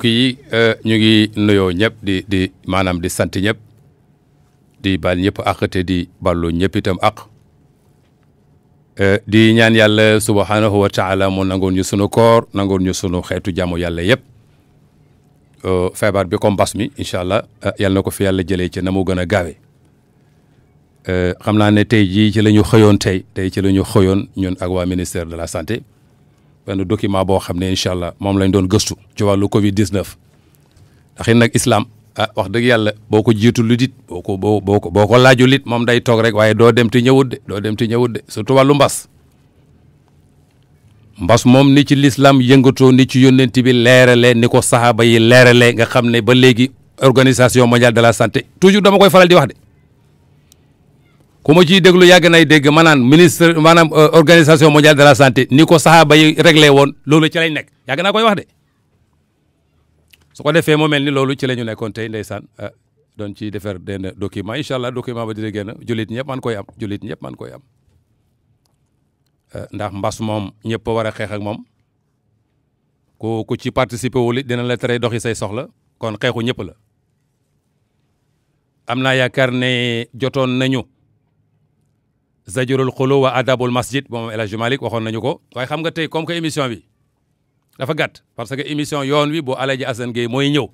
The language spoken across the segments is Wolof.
kii euh, ñu ngi nuyoo ñëpp di di maanaam di sant ñëpp di bal ñëpp àq te di ballu ñëpp itam àq euh, di ñaan yàlla subhanahu wa taala mu nangoon ñu sunu koor nangoon ñu sunu xeetu jaamu yàlla yëpp euh, feebar bi comme mbas mi incha allah yàlla na ko fi yàlla jëlee ci na mu gën a gaawe xam naa ne tey jii ci lañu xëyoon tey tey ci la ñu xëyoon ñun ak waa ministère de la santé benn document boo xam ne incha allah moom lañ doon gëstu ci wàllu Covid 19. ndax it nag islaam a ah, wax dëgg yàlla boo ko jiitu lu dit boo ko boo boo ko boo ko laaju lit moom day toog rek waaye doo dem ti ñëwut de doo dem ti ñëwut de surtout wàllu mbas. mbas moom ni ci l'islam yëngatoo ni ci yónnent bi leeralee ni ko saxaaba yi leeralee nga xam ne ba léegi organisation mondiale de la santé toujours dama koy faral di wax de bu ma ciy déglu yàgg nay dégg manaan ministre maanaam euh, organisation mondiale de la santé ni ko saxaaba yi réglé woon loolu ci lañ nekk yàgg naa koy wax de su ko defee moo mel ni loolu ci la ñu nekkoon tey saan euh, doon ci defar benn document incha allah document ba dina génn jullit ñëpp man koy am jullit ñëpp man koy am euh, ndax mbas moom ñëpp war a xeex ak moom ku ku ci participer wul it dina la tere doxi say soxla kon xeexu ñëpp la am naa yaakaar ne jotoon na nañu. zajurul xulo wa adabul masjid moom El Hadj Malick waxoon nañu ko waaye xam nga tey comme que émission bi dafa gàtt parce que émission yoon wi bu Alaaji Assane gay mooy ñëw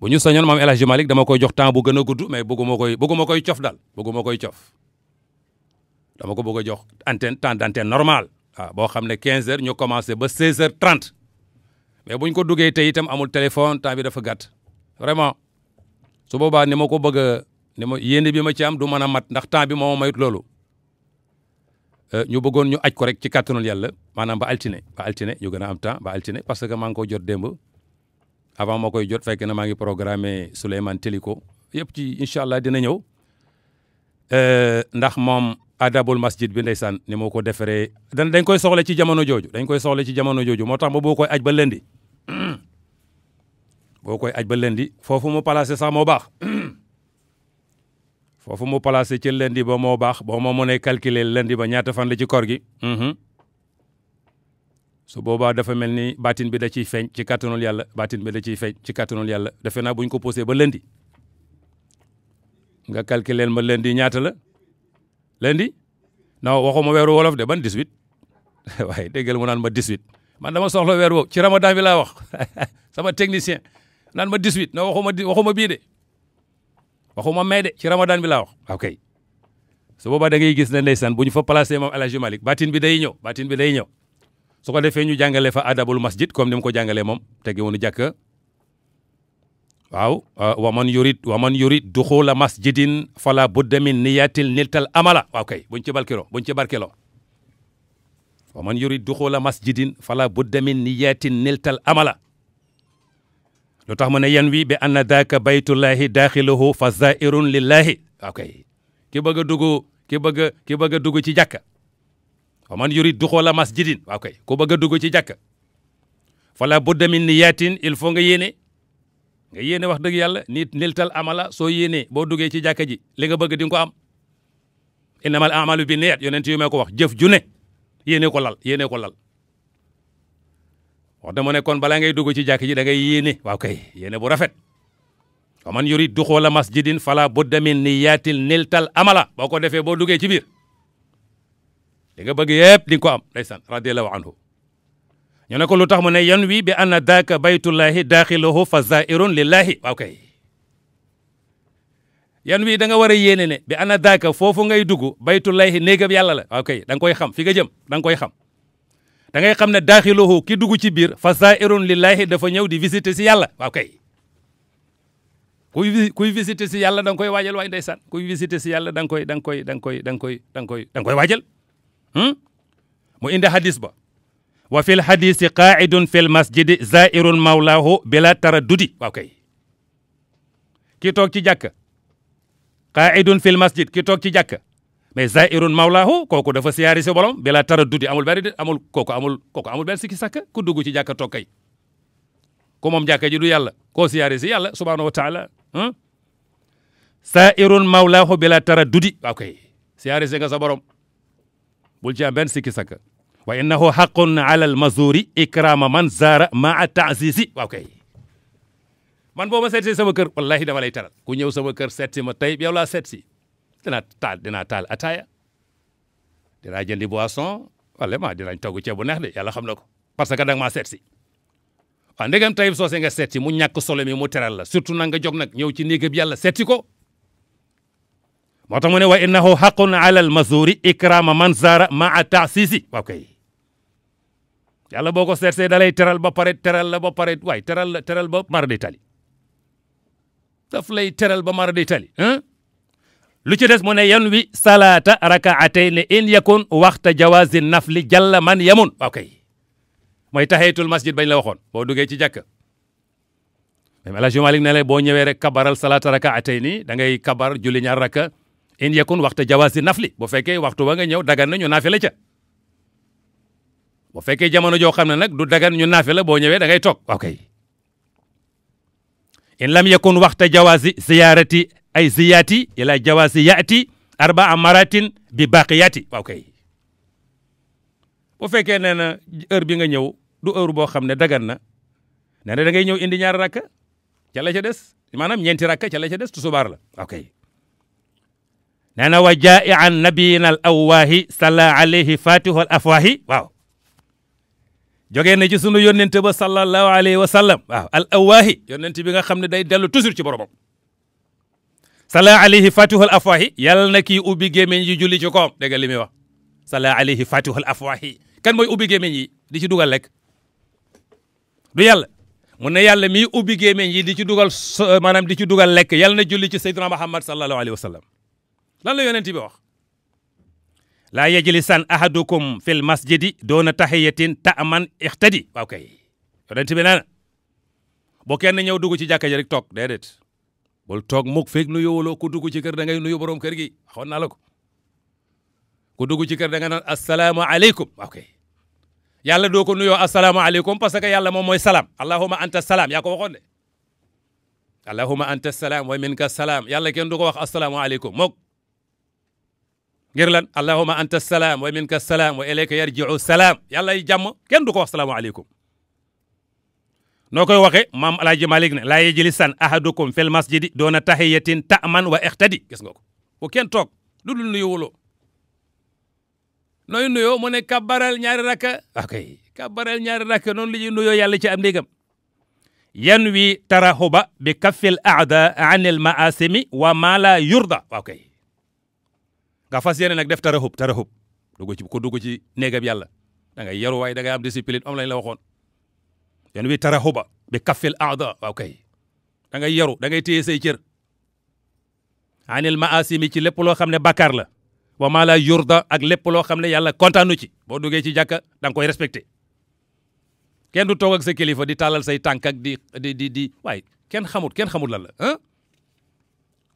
bu ñu sañoon moom El Hadj Malick dama koy jox temps bu gën a gudd mais bëgguma koy bëgguma koy cof daal bëgguma koy cof dama ko bëgg a jox antenne temps d' antenne normal ah boo xam ne 15 heures ñu commencé ba 16 heures 30 mais bu ñu ko duggee tey itam amul téléphone temps bi dafa gàtt vraiment su boobaa ni ma ko bëgg ne ma yéene bi ma ci am du mën a mat ndax temps bi moo mayut loolu euh, ñu bëggoon ñu aj ko rek ci kàttanul yàlla maanaam ba altine ba altine ñu gën a am temps ba altine parce que maa ngi ko jot démb avant moo koy jot fekk na maa ngi programmé Souleymane Teliko yëpp ci incha allah dina ñëw euh, ndax moom adabul masjid bi ndeysaan ni moo ko defaree dañ dañ koy soxla ci jamono jooju dañ koy soxla ci jamono jooju moo tax ma boo koy aj ba lëndi boo koy aj ba lëndi foofu mu placé sax moo baax fofu mu placé ci lendi ba mo bax bo mo mo ne calculer lendi ba ñaata fan la ci koor gi hmm hmm su boba dafa melni batin bi da ci feñ ci katunul yalla batin bi da ci feñ ci katunul yalla dafa na buñ ko posé ba lendi nga calculer ma lendi ñaata la lendi non waxuma wéru wolof de ban 18 way deggal mu nan ma 18 man dama soxla wéru ci ramadan bi la wax sama technicien nan ma 18 non waxuma waxuma bi de waxuma may de ci ramadan bi laa wax waaw kay su boobaa da ngay gis ne ndeysaan bu ñu fa placé moom El Hadj Malick bi day ñëw baatin bi day ñëw su ko defee ñu jàngalee fa adabul masjid comme ni mu ko jàngalee moom tege woonu jàkka waaw uh, wa man yurid wa man yurid duxula masjidin fala budda min niyatil niltal amala waaw kay buñ ci barkeloo buñ ci barkeloo wa man yurid duxula masjidin fala budda min niyatin niltal amala lu tax mu ne yan wi bi anna daaka baytullahi daaxiluhu fa zairun lillahi ok ki bëgg a dugg ki bëgg a ki bëgg a dugg ci jàkka wa man yurid duxoola masjidin ok ku bëgg a dugg ci jàkka fala budda min niyatin il faut nga yéene nga yéene wax dëgg yàlla nit niltal amala soo yéenee boo duggee ci jàkka ji li nga bëgg di ko am innamal amalu bi niyat yonent yu mee ko wax jëf ju ne yéene ko lal yéene ko lal wax dama ne kon balaa ngay dugg ci jàkk ji da ngay yéene waaw kay yéene bu rafet wa man yurid duxoola masjidin fala budda min niyatil niltal amala boo ko defee boo duggee ci biir li bëgg yëpp di ko am ndeysaan radiallahu anhu ñu ne ko lu tax mu ne yan wi bi anna daaka baytullahi daaxiluhu fa zairun lillahi waaw kay yan wi da nga war a yéene ne bi anna daaka foofu ngay dugg baytullahi néegab yàlla la waaw kay da koy xam fi nga jëm da nga koy xam da ngay xam ne daaxiluhu ki dugg ci biir fa zaa'irun lillaahi dafa ñëw di visiter si yàlla waaw kay kuy kuy si yàlla da nga koy waajal waay ndeysaan kuy visiter si yàlla danga koy da koy da koy da koy da koy da koy waajal hmm? mu indi hadis ba wa fil hadisi qaa'idun fil masjidi zaa'irun mawlaahu bila taraddudi waaw kay kii toog ci jàkk qaa'idun fil masjid kii toog ci jàkk mais zairun mawlaahu kooku dafa siyaari si bolom bila tara amul benn amul kooku amul kooku amul benn sikki sàkk ku dugg ci jàkka tokkay ku moom jàkka ji du yàlla koo siyaari si yàlla subhaanahu wa taala mawlaahu bila tara dudi waaw kay nga sa borom bul ci am benn sikki sàkk wa innahu xaqun ala al mazuri man zara maa taasisi waaw kay man boo ma seet si sama kër wallahi dama lay taral ku ñëw sama kër seet ma tey yow laa seet dinaa taal dinaa taal ataaya dinaa jëndi boisson vraiment dinañ togg ceeb bu neex de yàlla xam na ko parce que danga maa seet si waaw ndegam Taïb Socé nga seet mu ñàkk solo mi mu teral la surtout nag nga jóg nag ñëw ci néegam yàlla seet si ko moo tax mu ne wa innahu xaqun ala al mazuri ikrama man zara maa taasisi waaw kay yàlla boo ko seet see dalay teral ba pare teral la ba pare waay teral la teral ba mara day tali daf lay teral ba mara day tali lu ci des mu ne yan wi salaata rakaatay ne in yakun waxta jawaazi nafli jalla man yamun waaw kay mooy taxiyatul masjid bañ la waxoon boo duggee ci jàkk même la Hadj Malick ne la boo ñëwee rek kabaral salaata rakaatay ni da ngay kabar julli ñaar raka in yakun waxta jawaazi nafli boo fekkee waxtu ba nga ñëw dagan na ñu naafi la ca bu fekkee jamono joo xam ne nag du dagan ñu naafi la boo ñëwee dangay ngay toog waaw in lam yakun waxta jawaazi ziyaarati ay ziyaati ila jawaasi yaati arbaa maratin bi baqiyaati waaw kay bu fekkee nee na heure bi nga ñëw du heure boo xam ne dagan na nee na ñëw indi ñaari rakka ca la ca des maanaam ñeenti rakka ca la ca des tu subaar la waaw kay nee na wa jaa'i an nabiyina al awwaahi salla alayhi fatihu al afwaahi waaw jógee na ci sunu yónnente ba sallallahu alayhi wa sallam waaw al awwaahi yónnente bi nga xam ne day dellu toujours ci boromam salaam alayhi fatihul afwahi yàlla na ubbi gémmiñ yi julli koom dégg nga li muy wax sala alayhi fatihul afwahi kan mooy ubbi gémmiñ yi di ci dugal lekk du yàlla mu ne yàlla miy ubbi gémmiñ yi di ci dugal eh, maanaam di ci dugal lekk yàlla na julli ci Muhammad sallallahu alayhi wa lan la yonent bi wax laa yajlisan ahadukum fil masjidi doona tahiyatin ta'man ihtadi waaw kay yonent bi nee na boo kenn ñëw dugg ci jàkka ji rek toog déedéet wol toog mukk feeg nuyoo waloo ku dugg ci kër da ngay nuyu borom kër gi waxoon naa la ko ku dugg ci kër danga nga naan asalaamaaleykum ok yàlla doo ko nuyoo asalaamaaleykum parce que yàlla moom mooy salaam allahuma anta salaam yaa ko waxoon de allahuma anta salaam wa minka salaam yàlla kenn du ko wax asalaamaaleykum mukk ngir lan allahuma anta salaam wa minka salaam wa ilayka yarjiu salaam yàlla jàmm kenn du ko wax salaamaaleykum noo koy waxe maam alaaji Malik ne laa yajlisan ahadukum fil masjidi doona tahiyatin ta'man wa ihtadi gis nga ko bu kenn toog lu dul nuyu wuloo nooy nuyoo mu ne kabaral ñaari rakka ok kabaral ñaari rakka noonu li ñuy nuyoo yàlla ci am ndégam yan wi tarahuba bi kaffil aada an il wa ma la yurda ok nga fas yéene nag def tarahub tarahub dugg ci ko dugg ci néegam yàlla da ngay yaru waaye da ngay la waxoon yan wi tarahuba bi kaffil aada waaw kay da ngay yaru da ngay téye say cër anil maasimi ci lépp loo xam ne bakkaar la wa maa la yurda ak lépp loo xam ne yàlla kontaanu ci boo duggee ci jàkka danga koy respecté kenn du toog ak sa kilifa di tàllal say tànk ak di di di di kenn xamut kenn xamut lan la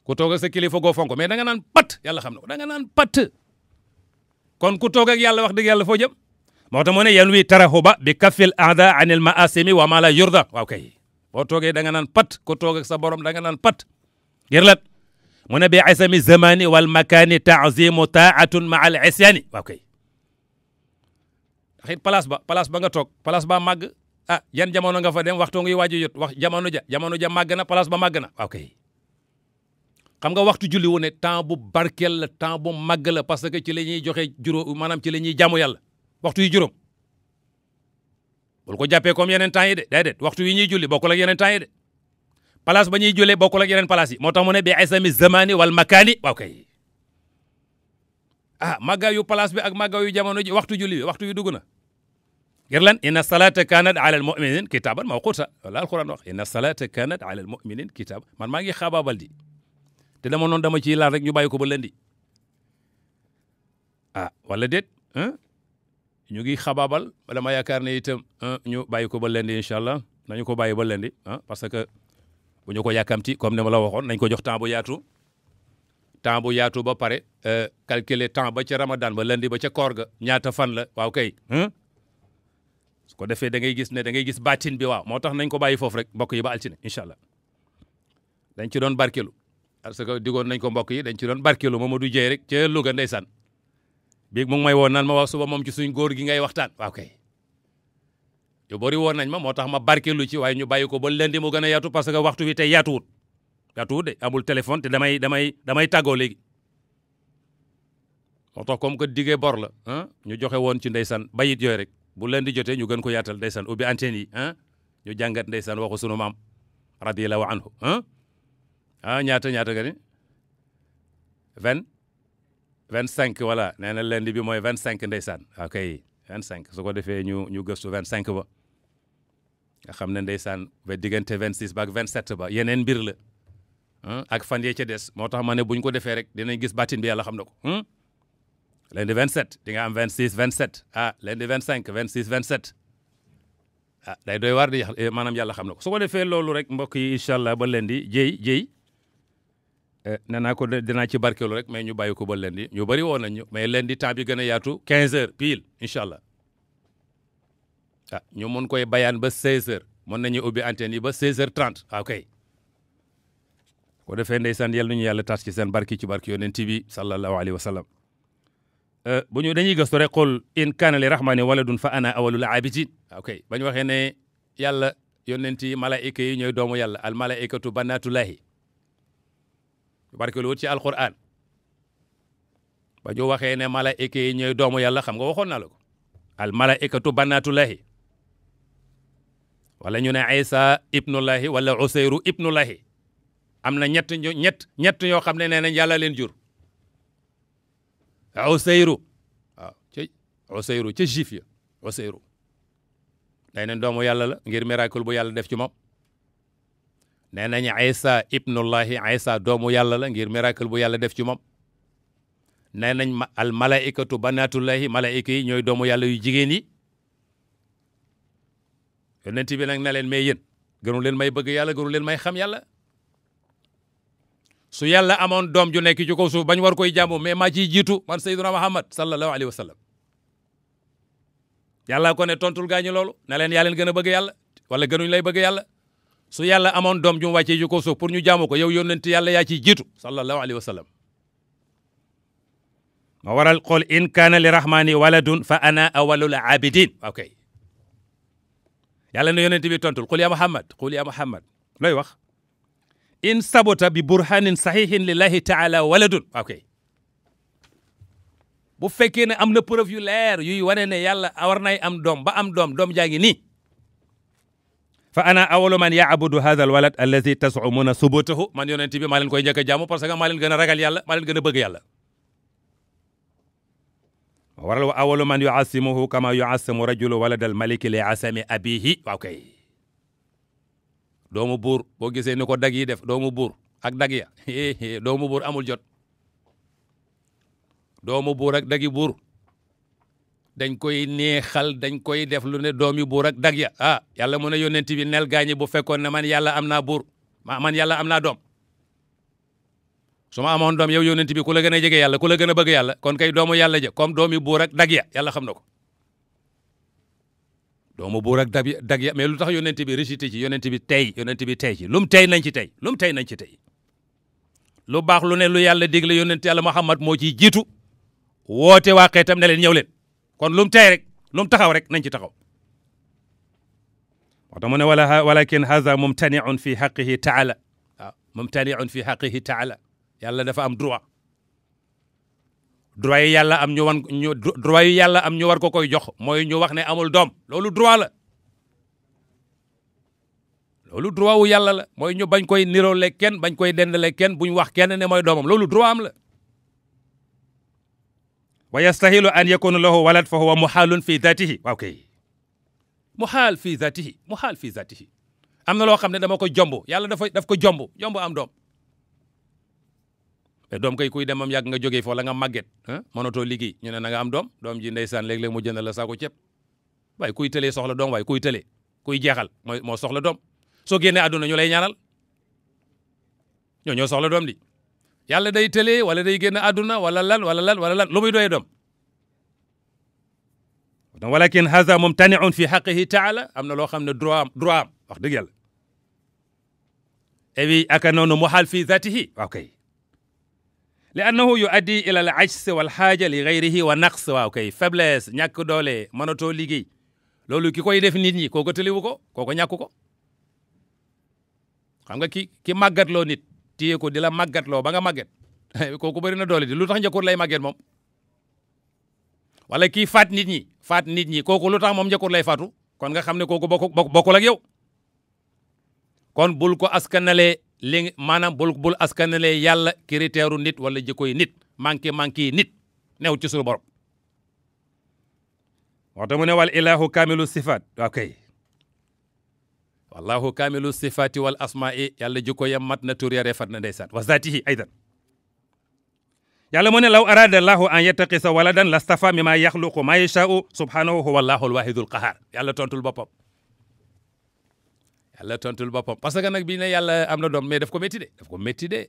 ku toog ak sa kilifa goo fonk mais danga naan pat yàlla xam na danga naan pat kon ku toog ak yàlla wax dëgg yàlla foo jëm moo tax mu ne yan wi tarahuba bi kafil aada anil maasimi wa ma la yurda waaw kay boo toogee danga naan pat ku toog ak sa borom da nga naan pat ngir lat mu ne bi isami zamani wal makaani taazimu taatun ma al isyaani waaw kay ndax it ba place ba nga toog place ba màgg ah yan jamono nga fa dem waxtu ngi waaju yot wax jamono ja jamono ja màgg na place ba màgg na waaw kay xam nga waxtu julli wu ne temps bu barkeel la temps bu màgg la parce que ci la ñuy joxe juróom maanaam ci la ñuy jaamu yàlla waxtu yi juróom bul ko jàppee kom yeneen temps yi de déedéet waxtu wi ñuy julli bokkul ak yeneen temps yi de place ba ñuy jullee bokkul ak yeneen place yi moo tax mu ne bi isami zamani wal makaani waaw kay ah màggaayu place bi ak màggaayu jamono ji waxtu julli waxtu yu dugg na ngir lan inna salata kanat ala al muminin kitaban mawquta wala alquran wax inna salata kanat ala al muminin kitaban man maa ngi xaabaabal di te dama noonu dama ciy laal rek ñu bàyyi ko ba lëndi ah wala déet ñu ngi xabaabal ba ma yaakaar ne itam ah, ñu bàyyi ko ba lendi incha allah nañu ko bàyyi ba lendi ah parce que bu ñu ko yàkkamti comme ni ma la waxoon nañ ko jox temps bu yaatu temps bu yaatu ba pare euh, calculer temps ba ca ramadan ba lendi ba ca koor ga ñaata fan la waaw kay. su ko defee danga ngay ne da ngay gis baatin bi waaw moo tax nañ ko bàyyi foofu rek mbokk yi ba altine incha allah dañ ci doon barkeelu parce que digoon nañ ko mbokk yi dañ ci doon barkeelu Mamadou Dieye rek ca Louga ndeysaan biig moom ngi may woon nan ma wax suba moom ci suñ góor gi ngay waxtaan waaw kay yu bëri woon nañ ma moo tax ma barkeelu ci waaye ñu bàyyi ko ba lundi mu gën a yaatu parce que waxtu wi tey yaatuwut yaatuwut de amul téléphone te damay damay damay tàggoo léegi moo tax comme que diggee bor la ah, ñu joxe woon ci ndeysaan bayit yooyu rek bu lundi jotee ñu gën ko yaatal ndeysaan ubbi antenne yi ah, ñu jàngat ndeysaan waxu sunu maam radiyallahu anhu ah, ah ñaata ñaata nga vingt cinq voilà nee na lundi bi mooy vingt cinq ndeysaan ok vingt cinq so ko defee ñu ñu gëstu vingt cinq ba nga xam ne ndeysaan ba diggante vingt six ba ak vingt sept ba yeneen mbir la ak fan yee ca des moo tax ma ne bu ñu ko defee rek dinañ gis bàttin bi yàlla xam na ko lundi vingt sept di nga am vingt six vingt sept ah lundi vingt cinq vingt six vingt sept ah day doy war di eh, maanaam yàlla xam na ko su ko defee loolu rek mbokk yi incha allah ba lundi jëy jëy Eh, nee naa ko dinaa ci barkeelu rek mais ñu bàyyi ko ba lundi ñu bari woon ñu mais lundi temps bi gën a yaatu 15 heures pile incha allah ah ñu mun koy bayaan ba 16 heures na nañu ubbi antenne yi ba 16 heures 30 ah, ok ko defee ndeysaan yal ñu yàlla tas ci seen barki ci barki yonent bi sallallahu alayhi wa sallam eh, bu ñu dañuy gëstu rek xool in kaana li wala waladun fa ana awalul abidin ah, ok ba ñu waxee ne yàlla yonent yi malaayika yi ñooy doomu yàlla al malaayikatu banaatullahi barkeelu wut ci alquran ba ñu waxee ne malaayika yi ñooy doomu yàlla xam nga waxoon naa la ko al malaikatu banaatullahi wala ñu ne isa ibnullahi wala useyru ibnullahi am na ñett ñu ñett ñett ñoo xam ne nee nañ yàlla leen jur useyru waaw ci useyru ci juif ya useyru day neen doomu yàlla la ngir miracle bu yàlla def ci moom nee nañ Isa ibnullahi Isa doomu yàlla la ngir miracle bu yàlla def ci moom nee nañ al malaikatu banaatullahi malaika yi ñooy doomu yàlla yu jigéen yi yonent bi nag na leen may yéen gënu leen may bëgg yàlla gënu leen may xam yàlla su yàlla amoon doom ju nekk ci kaw suuf bañ war koy jaamu mais maa ciy jiitu man sayyiduna Muhammad sallallahu alayhi wa sallam yàlla ko ne tontul gaañu loolu na leen yaa leen gën a bëgg yàlla wala gënuñ lay bëgg yàlla su yàlla amone dom jum wacce ju ko so pour ñu jaamu ko yow yonent yàlla ya ci jitu sallallahu alaihi wasallam ma waral qul in kana li rahmani waladun fa ana awalul abidin okay yàlla ne yonent bi tontul qul ya muhammad qul ya muhammad looy wax in sabota bi burhanin sahihin lillahi taala waladun okay bu fekkee ne am na preuve yu leer yuy wane ne yàlla war nay am doom ba am doom doom jaa ngi nii فانا اول من يعبد هذا الولد الذي تزعمون ثبوته من يونتي بي مالين كوي نيكا جامو باسكو مالين غنا راغال يالا مالين غنا بوج يالا ورلو اول من يعصمه كما يعصم رجل ولد الملك لعصم ابيه اوكي دومو بور بو غيسي نيكو داغي ديف دومو بور اك داغيا هي هي دومو بور امول جوت دومو بور اك داغي بور dañ koy neexal dañ koy def lu ne doom yu buur ak dag ah yàlla mu ne yónent bi nel gaañi bu fekkoon ne man yàlla am naa buur ma man yàlla am naa doom suma amoon doom yow yónent bi ku la gën a jege yàlla ku la gën a bëgg yàlla kon kay doomu yàlla je comme doom yu buur ak dag ya yàlla xam na ko doomu buur ak dag dag ya lu tax yónent bi récité ci yónent bi tey yónent bi tey ci lu tey nañ ci tey lu tey nañ ci tey lu baax lu ne lu yàlla digle yónent yàlla Muhammad moo ciy jiitu woote waa xeetam ne leen ñëw leen kon lum tay rek lum taxaw rek nañ ci taxaw wax dama ne wala walakin hadha mumtaniun fi haqqihi taala mumtaniun fi haqqihi taala yàlla dafa am droit droit yi yàlla am ñu wan droit yi yàlla am ñu war ko koy jox moy ñu wax ne amul dom lolu droit la lolu droit wu yàlla la moy ñu bañ koy niroole ken bañ koy dendale ken buñ wax ken ne moy domam lolu droit am la wa yastahilu an yakuna lahu walad fa huwa muhaalun fi datihi waaw kay muhaal fi datihi muhaal fi datihi am na loo xam ne dama ko jomb yàlla dafa daf ko jomb jomb am doom mais doom kay kuy demam yàgg nga jógee foofu la nga màgget mënatoo liggéey ñu ne nanga am doom doom ji ndeysaan léeg-léeg mu jënd la saako ceeb waaye kuy tëlee soxla doom waaye kuy tëlee kuy jeexal mooy moo soxla doom soo génnee àdduna ñu lay ñaanal ñoo ñoo soxla doom di yàlla day tëlee wala day génn àdduna wala lan wala lan wala lan lu muy doy doom walakin haza mumtaniun fi xaqihi taala am na loo xam ne droit am droit am wax dëgg yàlla ewi aka noonu muhal fi zatihi waaw kay li annahu yu addi ila al ajs wal xaaja li gayrihi wa naqs waaw kay faiblesse ñàkk doole mënatoo liggéey loolu ki koy def nit ñi kooko tëliwu ko kooko ñàkk ko xam nga ki ki màggatloo nit téye ko di la màggatloo ba nga màgget kooku bëri na doole di lu tax njëkkoon lay màgget moom wala kii faat nit ñi faat nit ñi kooku lu tax moom njëkkoon lay faatu kon nga xam ne kooku bokk bokkul ak yow kon bul ko askanalee li maanaam bul bul askanalee yàlla critère nit wala jikko yi nit manqué manqué yi nit new ci suñu borom waxta mu ne wal ilahu kamilu sifat ok wallahu kamilu sifati wal asma'i yàlla jikko yam mat na tur ya refat na ndeysaan wa zatihi aydan yàlla mu ne law arada llahu an yattaqisa waladan lastafa mima yaxluqu ma yasha'u subhanahu huwa allahu alwahidul qahar yàlla tontul boppam yàlla tontul boppam parce que nag bi ne yàlla am na mais daf ko métti de daf ko métti de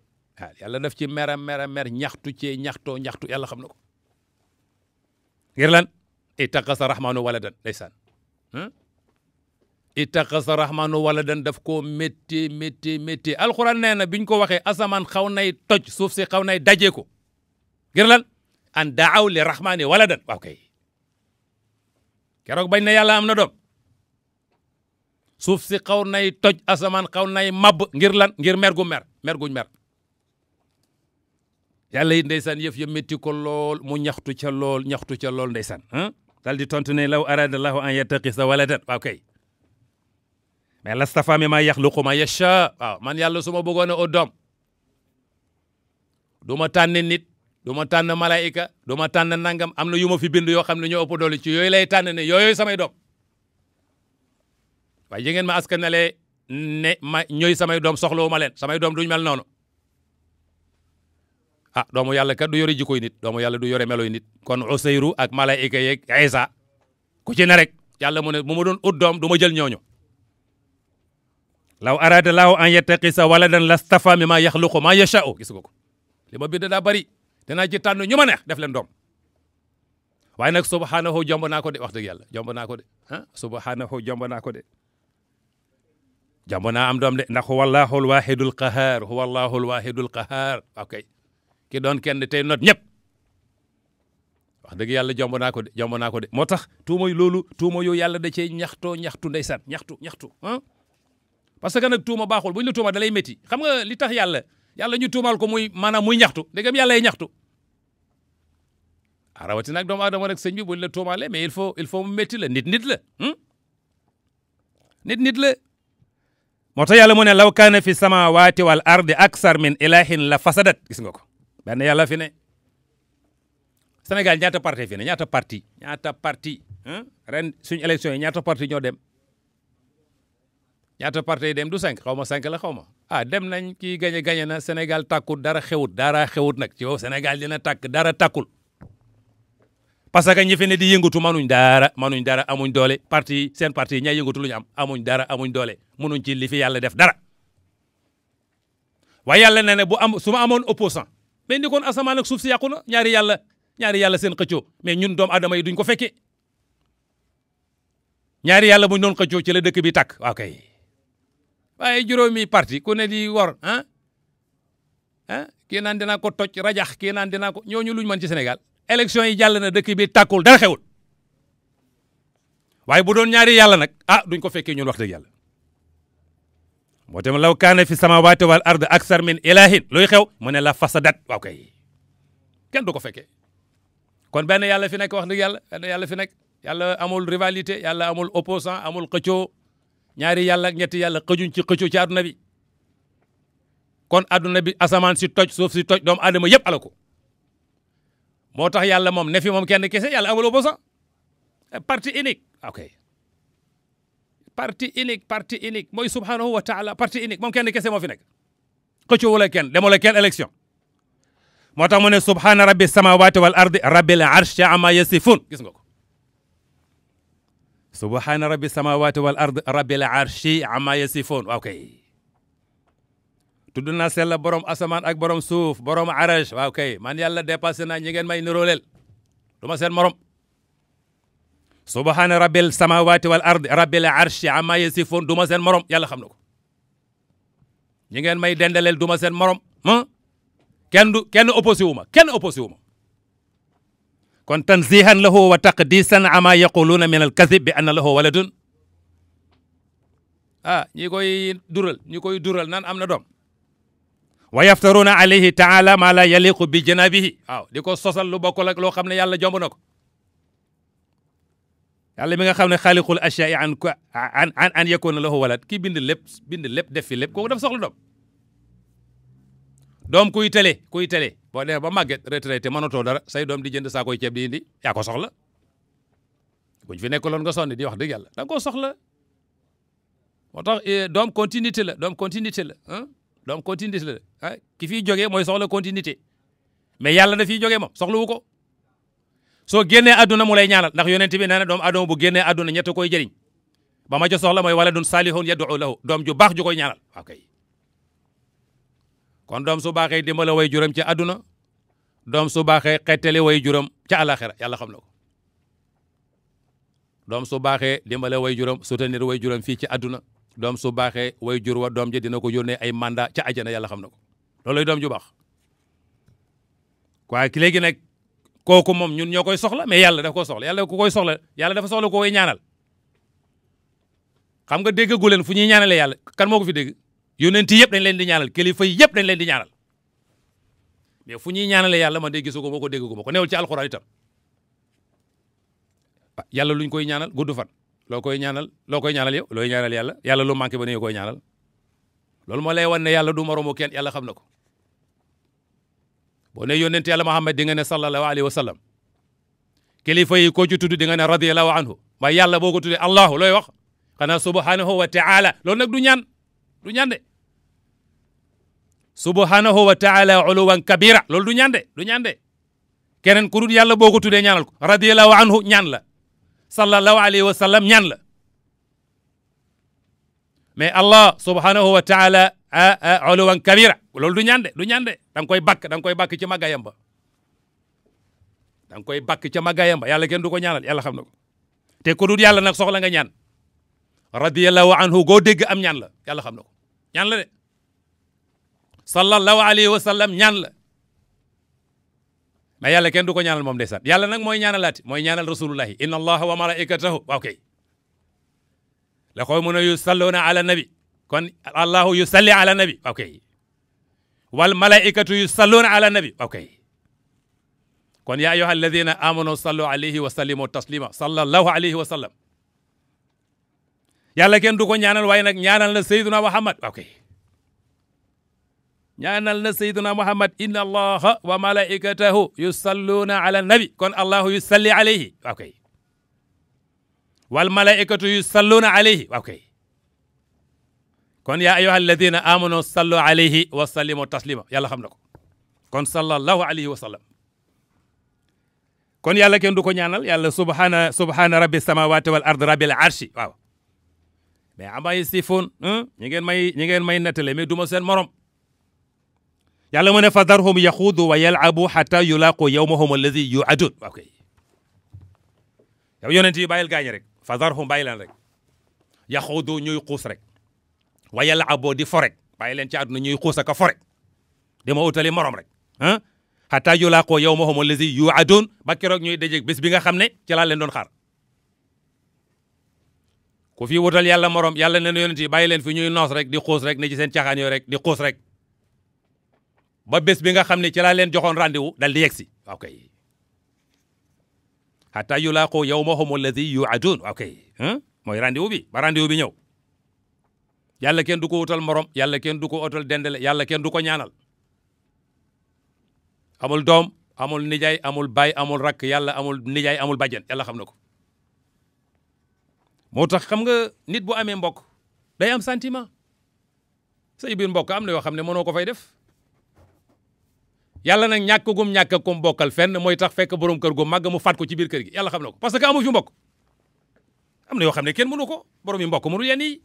yàlla daf ci meram meram mer ñaxtu cee ñaxtoo ñaxtu yàlla xam ko ngir lan ittaqasa rahmanu waladan ndeysaan ittaxasa rahmanu waladan daf ko métti métti métti alxuraan nee na bi ñu ko waxee asamaan xaw nay toj suuf si xaw nay dajee ko ngir lan an daaw li rahmani waladan waaw keroog bañ na yàlla am na doom suuf si xaw nay toj asamaan kaw nay mab gir lan ngir mer gu mer mer guñ mer yàlla yi ndeysaan yëf ya métti ko lool mu ñaxtu ca lool ñaxtu ca lool ndeysaan. Ah. dal di tontu ne law arada lahu an yattaqisa waladan waaw kay mais lastafa mi ma yaxluqu ma yasha waaw ah, man odom. su ma bëggoon a doom tànn nit duma ma tànn malaika duma ma tànn nangam am na yu ma fi bind yoo xam ne ñoo ëpp doole ci yooyu lay tànn ne yooyu samay doom waaye yi ngeen ma ne ma ñooy samay doom soxlawu leen samay doom duñ mel noonu ah doomu yàlla kat du yore jikkoy nit doomu yàlla du yore meloy nit kon Useyru ak malaika yeeg Isa ku ci ne rek yàlla mu ne bu ma doon ut doom du ma jël ñooñu law araada laahu an yattaqisa waladan lastafa mimma yaxluqu ma yasha'u gis nga ko li ma bind daa bëri danaa ci tànn ñu ma def leen doom waaye nag subhaanahu jomb naa ko de wax dëgg yàlla jomb naa ko de ah subhaanahu jomb naa ko de jomb am doom de ndax huwallaahu alwaahidul qahaar huwallaahu alwaahidul qahaar ok ki doon kenn tey not ñëpp wax dëgg yàlla jomb naa ko de jomb naa ko de moo tax tuuma loolu tuuma yooyu yàlla da cee ñaxtoo ñaxtu ndeysaan ñaxtu ñaxtu parce que nag tuuma baaxul bu ñu la tuuma dalay métti xam nga li tax yàlla yàlla ñu tuumaal ko muy maanaam muy ñaxtu dégam yàlla ay ñaxtu ah rawatina ak doomu aadama rek sëñ bi bu ñu la mais il faut il faut mu métti la nit nit la hmm? nit nit la moo yàlla mu ne law kaana fi samawati wal ardi aksar min ilahin la fasadat gis nga ko benn yàlla fi senegal Sénégal ñaata parti fi ñaata parti ñaata parti hmm? ren suñu élection ñaata parti ñoo dem ñaata parti dem du cinq xaw ma cinq la xaw ma ah dem nañ kii gañe gañe na senegal tàkkul dara xewut dara xewut nag ci wow Sénégal dina tàkk dara takkul parce que ñi fi di yëngatu manuñ dara manuñ dara amuñ doole parti yi seen parti ña ñay yëngatu lu ñu am amuñ dara amuñ doole munuñ ci li fi yàlla def dara waaye yàlla na ne bu am su ma amoon opposant mais ni kon asamaan ak suuf si yàqu na ñaari yàlla ñaari yàlla seen xëccoo mais ñun doom aadama yi duñ ko fekkee ñaari yàlla buñ doon xëccoo ci la dëkk bi tàkk waaw waaye juróomi parti ku ne di wor ah ah kii naan dinaa ko toj rajax kii naan dinaa ko ñu luñ mën ci Sénégal élection yi jàll na dëkk bi tàkkul dara xewul waaye bu doon ñaari yàlla nag ah duñ ko fekkee ñun wax dëgg yàlla moo tamit law kaana fi samawati wal ard aksar min ilahin luy xew mu ne la fasadat waaw kay kenn du ko fekkee kon benn yàlla fi nekk wax dëgg yàlla yàlla fi nekk yàlla amul rivalité yàlla amul opposant amul xëccoo ñaari yàlla ak ñetti yàlla xëjuñ ci xëccoo ci àdduna bi kon àdduna asamaan si toj suuf si toj doomu aadama yëpp ala moo tax yàlla moom nefi moom kenn kese yàlla amul opposant parti unique parti unique parti unique mooy subhanahu wa taala parti unique moom kenn kese moo fi nekk xëccoo wala kenn demula kenn élection moo tax mu ne subhana rabbi samawati wal ardi rabbil arshi ama yasifun gis nga ko سبحان رب السماوات والارض رب العرش عما يصفون waaw kay tudd naa sella borom asamaan ak borom suuf borom arash waaw kay man yàlla dépassé naa ñi ngeen may nirooleel du ma seen morom سبحان رب السماوات والارض رب العرش عما يصفون du ma seen morom yàlla xam na ko ñi ngeen may dendaleel du ma seen morom ma kenn du kenn opposé wu ma kenn opposé wu ma كون تنزيها له وتقديسا عما يقولون من الكذب بان له ولد اه نيكوي درل نيكوي درل نان امنا دوم ويفترون عليه تعالى ما لا يليق بجنابه اه ديكو سوسال لو بوكو لك لو خامني يالا جومب نكو يالا ميغا خامني خالق الاشياء عن عن عن ان يكون له ولد كي بيند ليب بيند ليب ديفي ليب كوكو داف سوخلو دوم دوم كوي تلي كوي تلي wa dee ba màgget retraité mënatoo dara say doom di jënd saakoy ceeb di indi yaa ko soxla buñ fi nekkaloon nga sonni di wax dëgg yàlla da nga koo soxla moo tax eh, doom continuité la doom continuité la doom continuité la ah ki fiy jógee mooy soxla continuité mais yàlla da fiy jógee moom soxlawu ko soo génnee àdduna mu lay ñaanal ndax yonent bi nee na doomu aadama bu génnee àdduna ñett koy jëriñ ba ma ca soxla mooy wala dun saalihun yad'u lahu doom ju baax ju koy ñaanal waaw kon doom su baaxee dimbale way juram ci àdduna doom su baaxee xettali way juram ca àlaxira xam na doom su baaxee dimbale way juram soutenir way juram fii ci àdduna doom su baaxee way jur doom ja dina ko yónnee ay mandat ca àjjana yàlla xam na ko loolay doom ju baax waaye ki léegi nag kooku moom ñun ñoo koy soxla mais yàlla daf ko soxla yàlla ku koy soxla yàlla dafa soxla ko koy ñaanal xam nga déggagu leen fu ñuy ñaanalee yàlla kan moo ko fi dégg yónneent yëpp dañ leen di ñaanal kilifa yëpp dañ leen di ñaanal mais fu ñuy ñaanal yàlla man de gisagoo ma ko déggagoo ma ko newul ci alxuraan itam ah, yàlla luñ koy ñaanal gudd fan loo koy ñaanal loo koy ñaanal yow looy ñaanal yàlla yàlla lu manqué ba ni koy ñaanal loolu moo lay wan ne yàlla du moromu kenn yàlla xam na ko boo ne yónneent yàlla Muhammad di nga ne sallallahu alayhi wa sallam kilifa yi koo ci tudd di nga ne radiyallahu anhu ma yàlla boo ko du ñande subhanahu wa taala uluwan kabira lool du ñande du ñande keneen ku dul yàlla boo ko tuddee ñaanal ko radiallahu anhu ñaan la sallallahu alayhi wa sallam ñaan la mais allah subhanahu wa taala uluwan kabira loolu du ñande du ñande da koy bakk da koy bakk ci màggayam ba da koy bakk ca màggayam ba yàlla kenn du ko ñaanal yàlla xam ko te ku dul yàlla nag soxla nga ñaan radiallahu anhu goo dégg am ñaan la yàlla xam ñan la de sallallahu alayhi wa sallam ñan la mais yàlla kenn du ko ñaanal moom ndeysaan yàlla nag mooy ñaanalaati mooy ñaanal rasulullahi inna allaha wa malaikatahu waaw kay la xooy mun a yusalluna ala nabi kon allahu yusalli ala nabi waaw kay wal malaikatu yusalluna ala nabi waaw kay kon yaa ayyuha alladina amanu sallu alayhi wa sallimu taslima sallallahu alayhi wa sallam yàlla kenn du ko ñaanal waaye nag ñaanal na sayyiduna muhammad ok ñaanal na sayyiduna muhammad inna allaha wa malaikatahu yusalluna ala nabi kon allahu yusalli alayhi ok wal malaikatu yusalluna alayhi ok kon yaa ayyuha alladina amanu sallu alayhi wa sallimu taslima yàlla xam na kon sallallahu alayhi wa sallam kon yàlla kenn du ko ñaanal yàlla subhana subhana rabbi samawati wal ard rabbil arshi waaw mais amay sifoon ñi ngeen may ñi ngeen may nettale mais duma seen morom yàlla mu ne fa darhum yaxuudu wa yalabu xata yulaaqu yawmahum alladi yuadun waaw kay yow yonent yi bàyyil gaañi rek fa darhum bàyyi leen rek yaxuudu ñuy xuus rek wa yalabu di fo rek bàyyi leen ci àdduna ñuy xuus ak a fo rek di ma utali morom rek ah xata yulaaqu yawmahum alladi yuadun ba keroog ñuy dajeeg bés bi nga xam ne ci laa leen doon xaar ku fi wutal yàlla morom yàlla ne na yonent yi bàyyi leen fi ñuy noos rek di xuus rek ne ci seen caaxaan yooyu rek di xuus rek ba bés bi nga xam ne ci laa leen joxoon rendez-vous dal di yegsi ok hatta yulaaqu yawmahum alladhi yuadun ok moy rendez-vous bi ba rendez-vous bi ñëw yàlla kenn du ko wutal morom yàlla kenn du ko otal dendale yàlla kenn du ko ñaanal amul doom amul nijaay amul bay amul rak yàlla amul nijaay amul bàjjen yàlla xam na ko moo tax xam nga nit bu amee mbokk day am sentiment say biir mbokk am na yoo xam ne mënoo ko fay def yàlla na ñàkk gum ñàkk kum bokkal fenn mooy tax fekk borom kër gu màgg mu fat ko ci biir gi yàlla xam na ko parce que amu fi mbokk am na yoo xam ne kenn mënu ko borom yi mbokk mënu yenn yi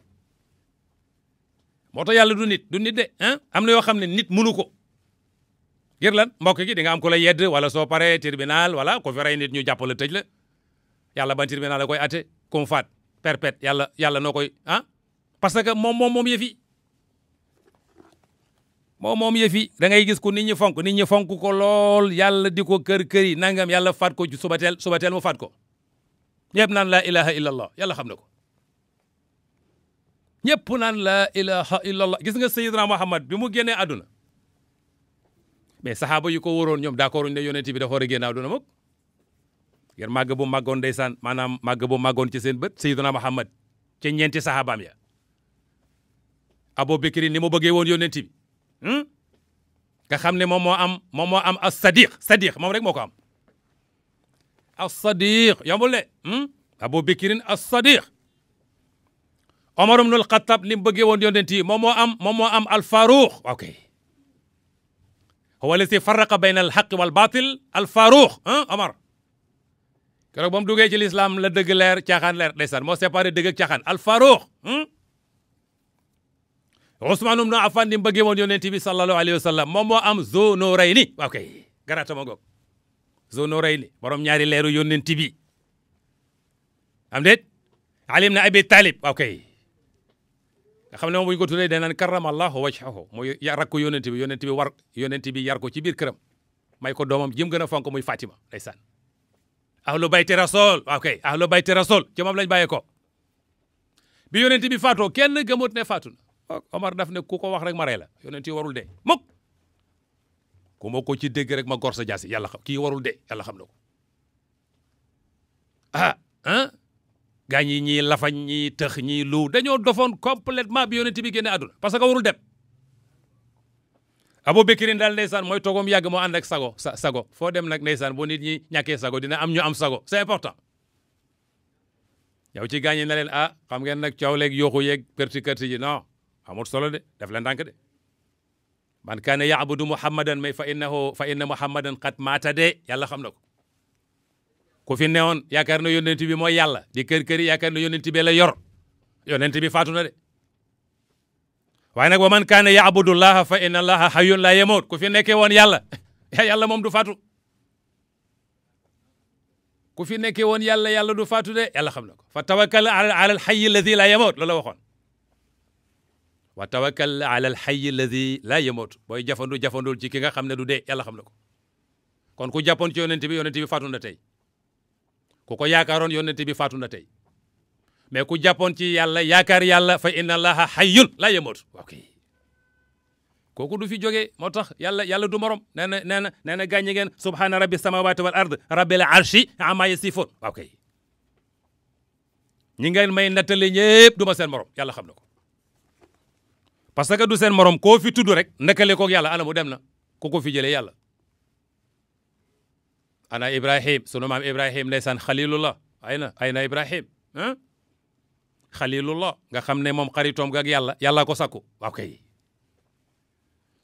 moo tax yàlla du nit du nit de ah am na yoo xam ne nit mënu ko ngir lan mbokk gi di am ku la yedd wala soo paree tribunal wala ko fi rey nit ñu jàpp la tëj la koy atte kum perpète yàlla yàlla noo koy ah parce que moom moom moom yëfi moom moom yëfi da gis ko nit ñi fonk nit ñi fonk ko lool yàlla di ko kër kër yi nangam yàlla faat ko ci subateel subateel mu faat ko ñëpp naan laa ilaha illallah yàlla xam na ko ñëpp naan laa ilaha illallah gis nga sayidna Muhammad bi mu génnee àdduna mais saxaaba yu ko wóoroon ñoom d'accord uñu ne yonent bi dafa war a génn àdduna yar màgg bu magon ndeysaan manam màgg bu magon ci seen beut sayyiduna Muhammad ci ñenti sahabam ya abou Abubakar ni mo bëggee won yónent bi nga xam ne moom moo am mom mo am as sadiq sadiq mom rek moko am as sadiq hmm abou Abubakar as sadiq Omar ibn al Khattab ni mu won yonenti mom mo am mom mo am al Faruq ok هو الذي فرق بين الحق والباطل الفاروق ها al Faruq keroog ba mu duggee ci lislaam la dëgg leer caaxaan leer ndeysaan moo séparé dëgg ak caaxaan al faruux hmm? Usmaan ibnu Affaan bëggee woon yonent bi sallallahu alayhi wa sallam am Zunurayni waaw kay garaata ma goog Zunurayni borom ñaari leeru yonent bi am déet Ali ibn Abi Talib waaw kay nga ne moom bu ñu ko tuddee danaan karamallahu wajhahu mooy rakku yonent bi yonent bi war yonent bi ci biir may ko doomam jëm gën a muy Fatima ndeysaan ahlu bayti rasul waaw kay ahlu bayti rasul ci moom lañ bàyyee ko bi yonent bi faatoo kenn gëmut ne faatu na Omar daf ne ku ko wax rek ma la yonent yi warul de mukk ku ko ci dégg rek ma gor sa jaasi yàlla xam kii warul de yàlla xam na ko ah ah gaañ yi ñii lafañ ñii tëx ñii lu dañoo dofoon complètement bi yonent bi génne àdduna parce que warul dem Aboubacry daal ndeysaan mooy togoom yàgg moo ànd ak sago sa sago foo dem nag ndeysaan boo nit ñi ñàkkee sago dina am ñu am sago c'est important yow ci gaañi na leen ah xam ngeen nag coow leeg yooxu yeeg kërti kërti ji non amul solo de daf leen ndànk de man kaana yaabudu muhammadan may fa innahu fa inna muhammadan qad maata de yàlla xam na ko ku fi newoon yaakaar na yonent bi mooy yàlla di kër kër yaakaar na yonent bi la yor yonent bi faatu na de waaye nag wa man kaana yaabudullaha fa inna allaha hayyun la yamut ku fi nekkee woon yàlla yàlla moom du faatu ku fi nekkee woon yàlla yàlla du faatu de yàlla xam na ko fa tawakkal ala al hayy alladi la yamut loolu la waxoon wa tawakkal ala al hayy alladi la yamut booy jafandu jafandul ci ki nga xam ne du dee yàlla xam na ko kon ku jàppoon ci yonent bi yonent bi faatu na tey ku ko yaakaaroon yonent bi faatu na tey mais ku jàppoon ci yàlla yaakaar yàlla fa inna allaha hayyun laa yamut waaw kay kooku du fi jógee moo tax yàlla yàlla du morom nee na nee na nee na gàññi ngeen subhaana rabbi samawati wal ard rabbil arshi amma yasifoon waaw kay ñi ngeen may nattali ñëpp du ma seen morom yàlla xam na ko parce que du seen morom koo fi tudd rek ndekale koog yàlla ana mu dem na ku ko fi jëlee yàlla ana ibrahim sunu maam ibrahim ndeysaan xalilullah ay na na ibrahim ah xalilullah nga xam ne moom xaritoom gag yàlla yàlla ko sakku waaw kay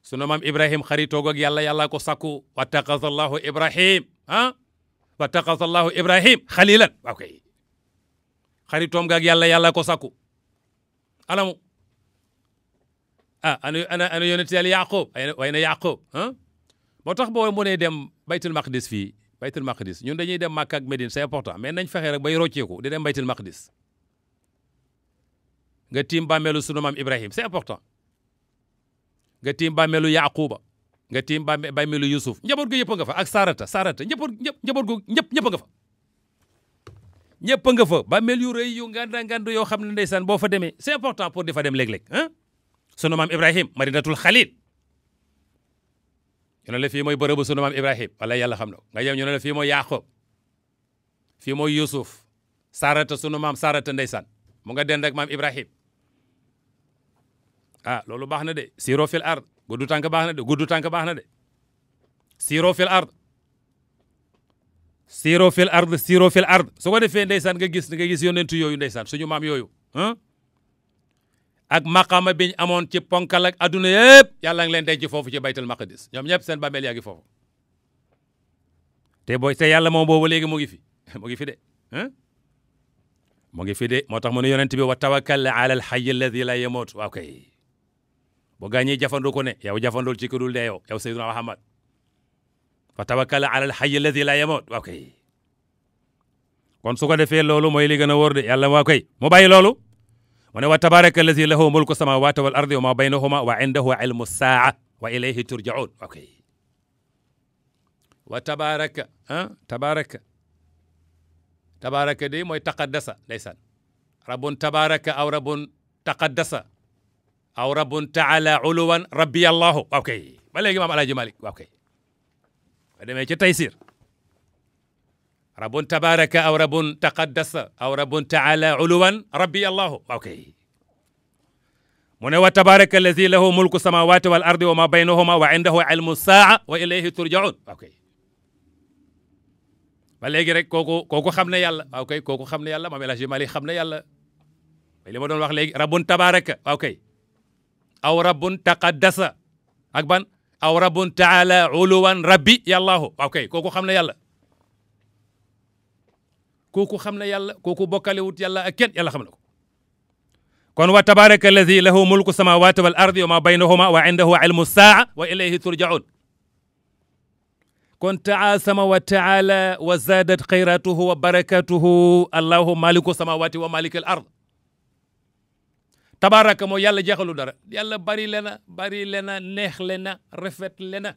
sunu maam ibrahim xaritoo gak yàlla yàlla ko sakku wa taqasallahu ibrahim ah wa taqasallahu ibrahim xalilan waaw kay xaritoom gak yàlla yàlla ko sakku alamu ah ana ana ana yonent yàlla yaqub way na yaqub ah moo tax boo mënee dem baytul maqdis fii baytul maqdis ñun dañuy dem Màkka ak Médine c'est important mais fexe rek bay rocceeku di dem baytul maqdis nga tiim bàmmeelu sunu maam Ibrahim c'est important nga tiim bàmmeelu Yaquba nga tiim bàmmeelu Yusuf njaboot gu yëpp nga fa ak Sarata Sarata njaboot njaboot gu ñëpp ñëpp nga fa. ñëpp nga fa bàmmeel yu rëy yu nganda ngand yoo xam ne ndeysaan boo fa demee c'est important pour di fa dem léeg-léeg ah sunu maam Ibrahim madinatul xalil ñu ne la fii mooy bërëbu sunu maam Ibrahim wala yàlla xam na nga yem ñu ne la fii mooy Yaqub fii mooy Yusuf Sarata sunu maam Sarata ndeysaan mu nga dend ak maam Ibrahim ah loolu baax na de siiroo fil ard gudd tànk baax na de gudd tànk baax na de siiroo fil ard siiroo fil ard siiroo fil ard su ko defee ndeysaan nga gis nga gis yonentu yooyu ndeysaan suñu maam yooyu ak maqaama biñ amoon ci ponkal ak adduna yëpp yàlla ngi leen denc foofu ci baytul maqdis ñoom ñëpp seen bàmmeel yaa ngi foofu te booy te yàlla moom boobu léegi mu ngi fi mu ngi fi de mu ngi fi de moo tax mu ne yonent bi wa tawakkal ala alxayi alladi la yamut waaw kay bo gagné jafando ko ne yow jafandool ci kudul de yow yow sayyiduna muhammad fa tawakkal ala al hayy alladhi la yamut wa kay kon su ko defé lolu moy li gëna wor de yàlla wa kay mo bàyyi lolu mo ne wa tabaarak alladhi lahu mulku samawati wal ardi wa ma baynahuma wa indahu ilmu as saa wa ilayhi turjaun wa kay wa tabaarak ha tabaarak tabaarak de moy taqaddasa laysan rabbun tabaarak aw rabbun taqaddasa aw rabbun taala uluwan rabbi allahu waaw kay ba léegi maam alaaji malik waaw kay ba demee ci taysir rabbun tabaraka aw rabbun taqaddasa aw rabbun taala uluwan rabbi allahu waaw kay mu ne wa tabaraka allazi lahu mulku samawati wal ardi wa ma baynahuma wa indahu ilmu saa wa ilayhi turjaun waaw kay ba léegi rek kooku kooku xam ne yàlla waaw kay kooku xam ne yàlla maam alaaji malik xam ne yàlla li ma doon wax léegi rabbun tabaraka waaw kay aw rabbun taqaddasa ak ban aw rabbun taala uluwan rabbi yàllaahu ok kooku xam na yàlla kooku xam na yàlla kooku bokkalewut yàlla ak kenn yàlla xam na ko kon wa tabaraka alladi lahu mulku samawati wal ardi wa ma baynahuma wa indahu ilmu saa wa ilayhi turjaun kon taasama wa taala wa zadat xayratuhu wa barakatuhu allahu maliku samawati wa maliki al ard tabaraka moo yàlla jeexalu dara yàlla bari le bari le neex le na rafet le na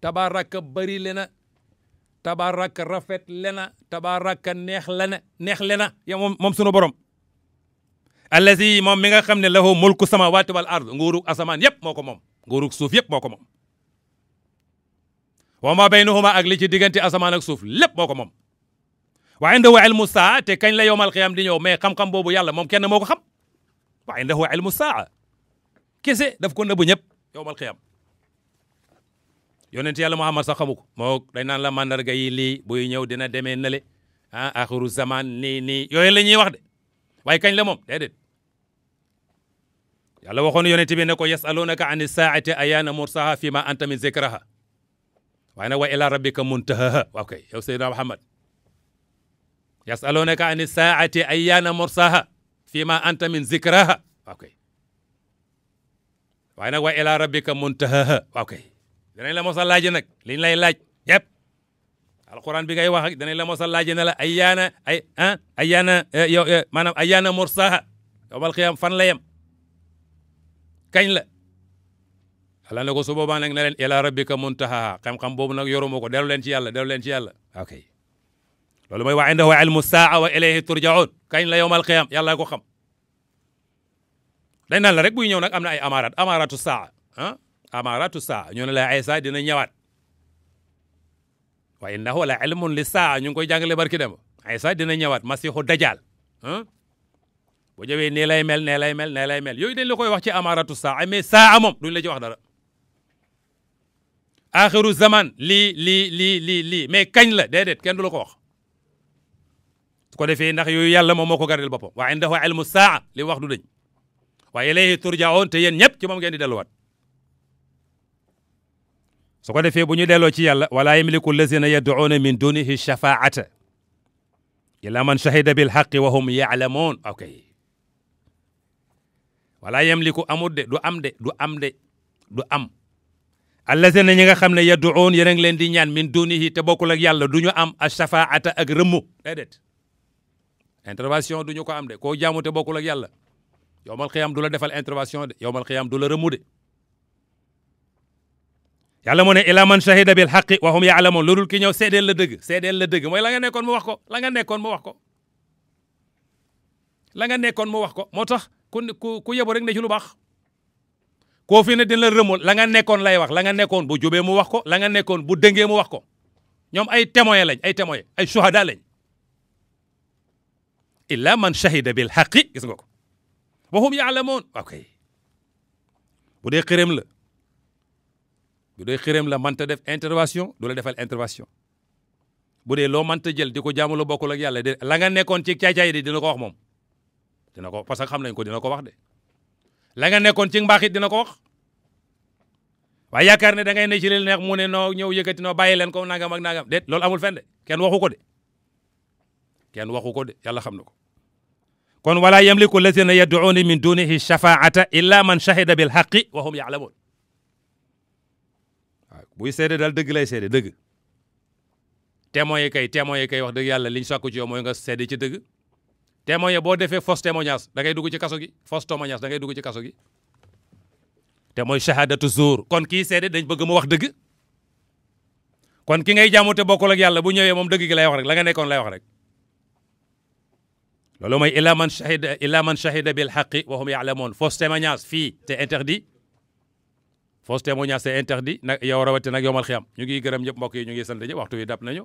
tabaraka bari le tabaraka rafet lena tabaraka neex le na neex le na yow moom sunu borom allazi moom mi nga xam lahu mulku samawati wal ard nguurug asamaan yëpp moo ko moom nguurug suuf yëpp moo ko moom wa ma baynahuma ak li ci diggante asamaan ak suuf lépp moo ko wa indahu ilmu saa te kañ la yowmal xiyam di ñëw mais xam-xam boobu yàlla moom kenn moo ko xam wa indahu ilmu saa kese daf ko nëbb ñëpp yowmal xiyam yonent yàlla muhammad sax xamu ko moo dañ naan la mandarga yi lii buy ñëw dina demee nale ah axiru zaman nii nii yooyu la ñuy wax de waaye kañ la moom déedéet yàlla waxoon yonent bi ne ko yasalunaka ani saati ayana mursaha fi ma anta min zikraha waaye nag wa ila rabbika muntahaha waaw kay yow seydina muhammad يسألونك عن الساعة أيان مرساها فيما أنت من ذكرها أوكي waaye nag wa ila rabbika muntahaha waaw kay danañ la mosa laaji nag liñ lay laaj yëpp alquran bi ngay wax ak danañ la mosa laaji ne la ayyaana ay ah ayyaana yow maanaam ayyaana mursaha yowmal qiyam fan la yem kañ la ala ne ko su boobaa nag ne leen ila rabbika muntahaha xam-xam boobu nag yoruma ko dellu leen ci yàlla dellu leen ci yàlla ok لولو ماي وعنده علم الساعة وإليه ترجعون كاين لا يوم القيام يلا كو خم دا نان لا ريك بو نيو نك امنا اي امارات امارات الساعة ها امارات الساعة نيو لا عيسى دينا نيوات وإنه لعلم للساعة نيو كوي جانغلي بركي دم عيسى دينا نيوات مسيح الدجال ها bu jowee nee lay mel nee lay mel nee lay mel yooyu dañ la koy wax ci amaratu saa ay mais saa moom duñ la ci wax dara akhiru zaman lii lii lii lii ko defee ndax yooyu yàlla moom moo ko gardel boppam wa indahu ilmu saa li wax du dañ waaye ilayhi turjaoon te yéen ñëpp ci moom ngeen di delluwaat su ko defee bu ñu delloo ci yàlla wala yamliku lazina yad'uuna min dunihi shafaata illa man shahida bil haqqi wa hum ya'lamuun ok wala yamliku amut de du am de du am de du am allazina ñi nga xam ne yad'uun yéen a ngi leen di ñaan min dunihi te bokkul ak yàlla du ñu am ashafaata ak rëmmu dedet intervention du ñu ko am de koo jaamu te ak yàlla yowmal xiyaam du defal intervention de yowmal xiyaam du la rëmu de yàlla mu ila man shahida bil xaqi wa hum yaalamuun loolul ki ñëw seedeel la dëgg seedeel la dëgg mooy la nga nekkoon mu wax ko la nga nekkoon mu wax ko la nga nekkoon mu wax ko moo ku ku yebu rek ne ci lu baax koo fi ne dina la rëmul la nga nekkoon lay wax la nga nekkoon bu jubee mu wax ko la nga nekkoon bu dëngee mu wax ko ñoom ay témoin lañ ay témoin ay suhada lañ illa man shahida bil xaqi gis nga ko wahum yaalamoon waaw kay dee xërëm la bu dee xërëm la mënta def intervention du la defal intervention bu dee loo mënta jël di ko jaamuloo bokkul ak yàlla de la nga nekoon ci caay-caay di dina ko wax moom dina ko parce que xam nañ ko dina ko wax de la nga nekkoon ci mbaax it dina ko wax waaye yaakaar ne da ngay ne ci li neex mu ne noo ñëw yëkkati noo bàyyi leen ko nagam ak nangam de loolu amul fenn de kenn waxu ko de kenn waxu ko de yàlla xam na ko kon wala yamliku lazina yad'uuna min dunihi shafaata illa man shahida bil haqqi wa hum ya'lamun waaw buy seede daal dëgg lay seede dëgg témoin yi kay témoin yi kay wax dëgg yàlla liñ sàkku ci yow mooy nga seede ci dëgg témoin boo defee fausse témoignage da ngay dugg ci kaso gi fausse témoignage da ngay dugg ci kaso gi te mooy shahadatu zuur kon kii seede dañ bëgg mu wax dëgg kon ki ngay jaamu te bokkul ak yàlla bu ñëwee moom dëgg gi lay wax rek la nga nekkoon lay wax rek loolu mooy illa man shahida illa man shahida bil xaqi wa hum yaalamoon fausse témoignage fii c' est interdit fausse témoignage c' est interdit nag yow rawati nag yowmal xiyam ñu ngi gërëm ñëpp mbokk yi ñu ngi sant ñëpp waxtu wi dab nañu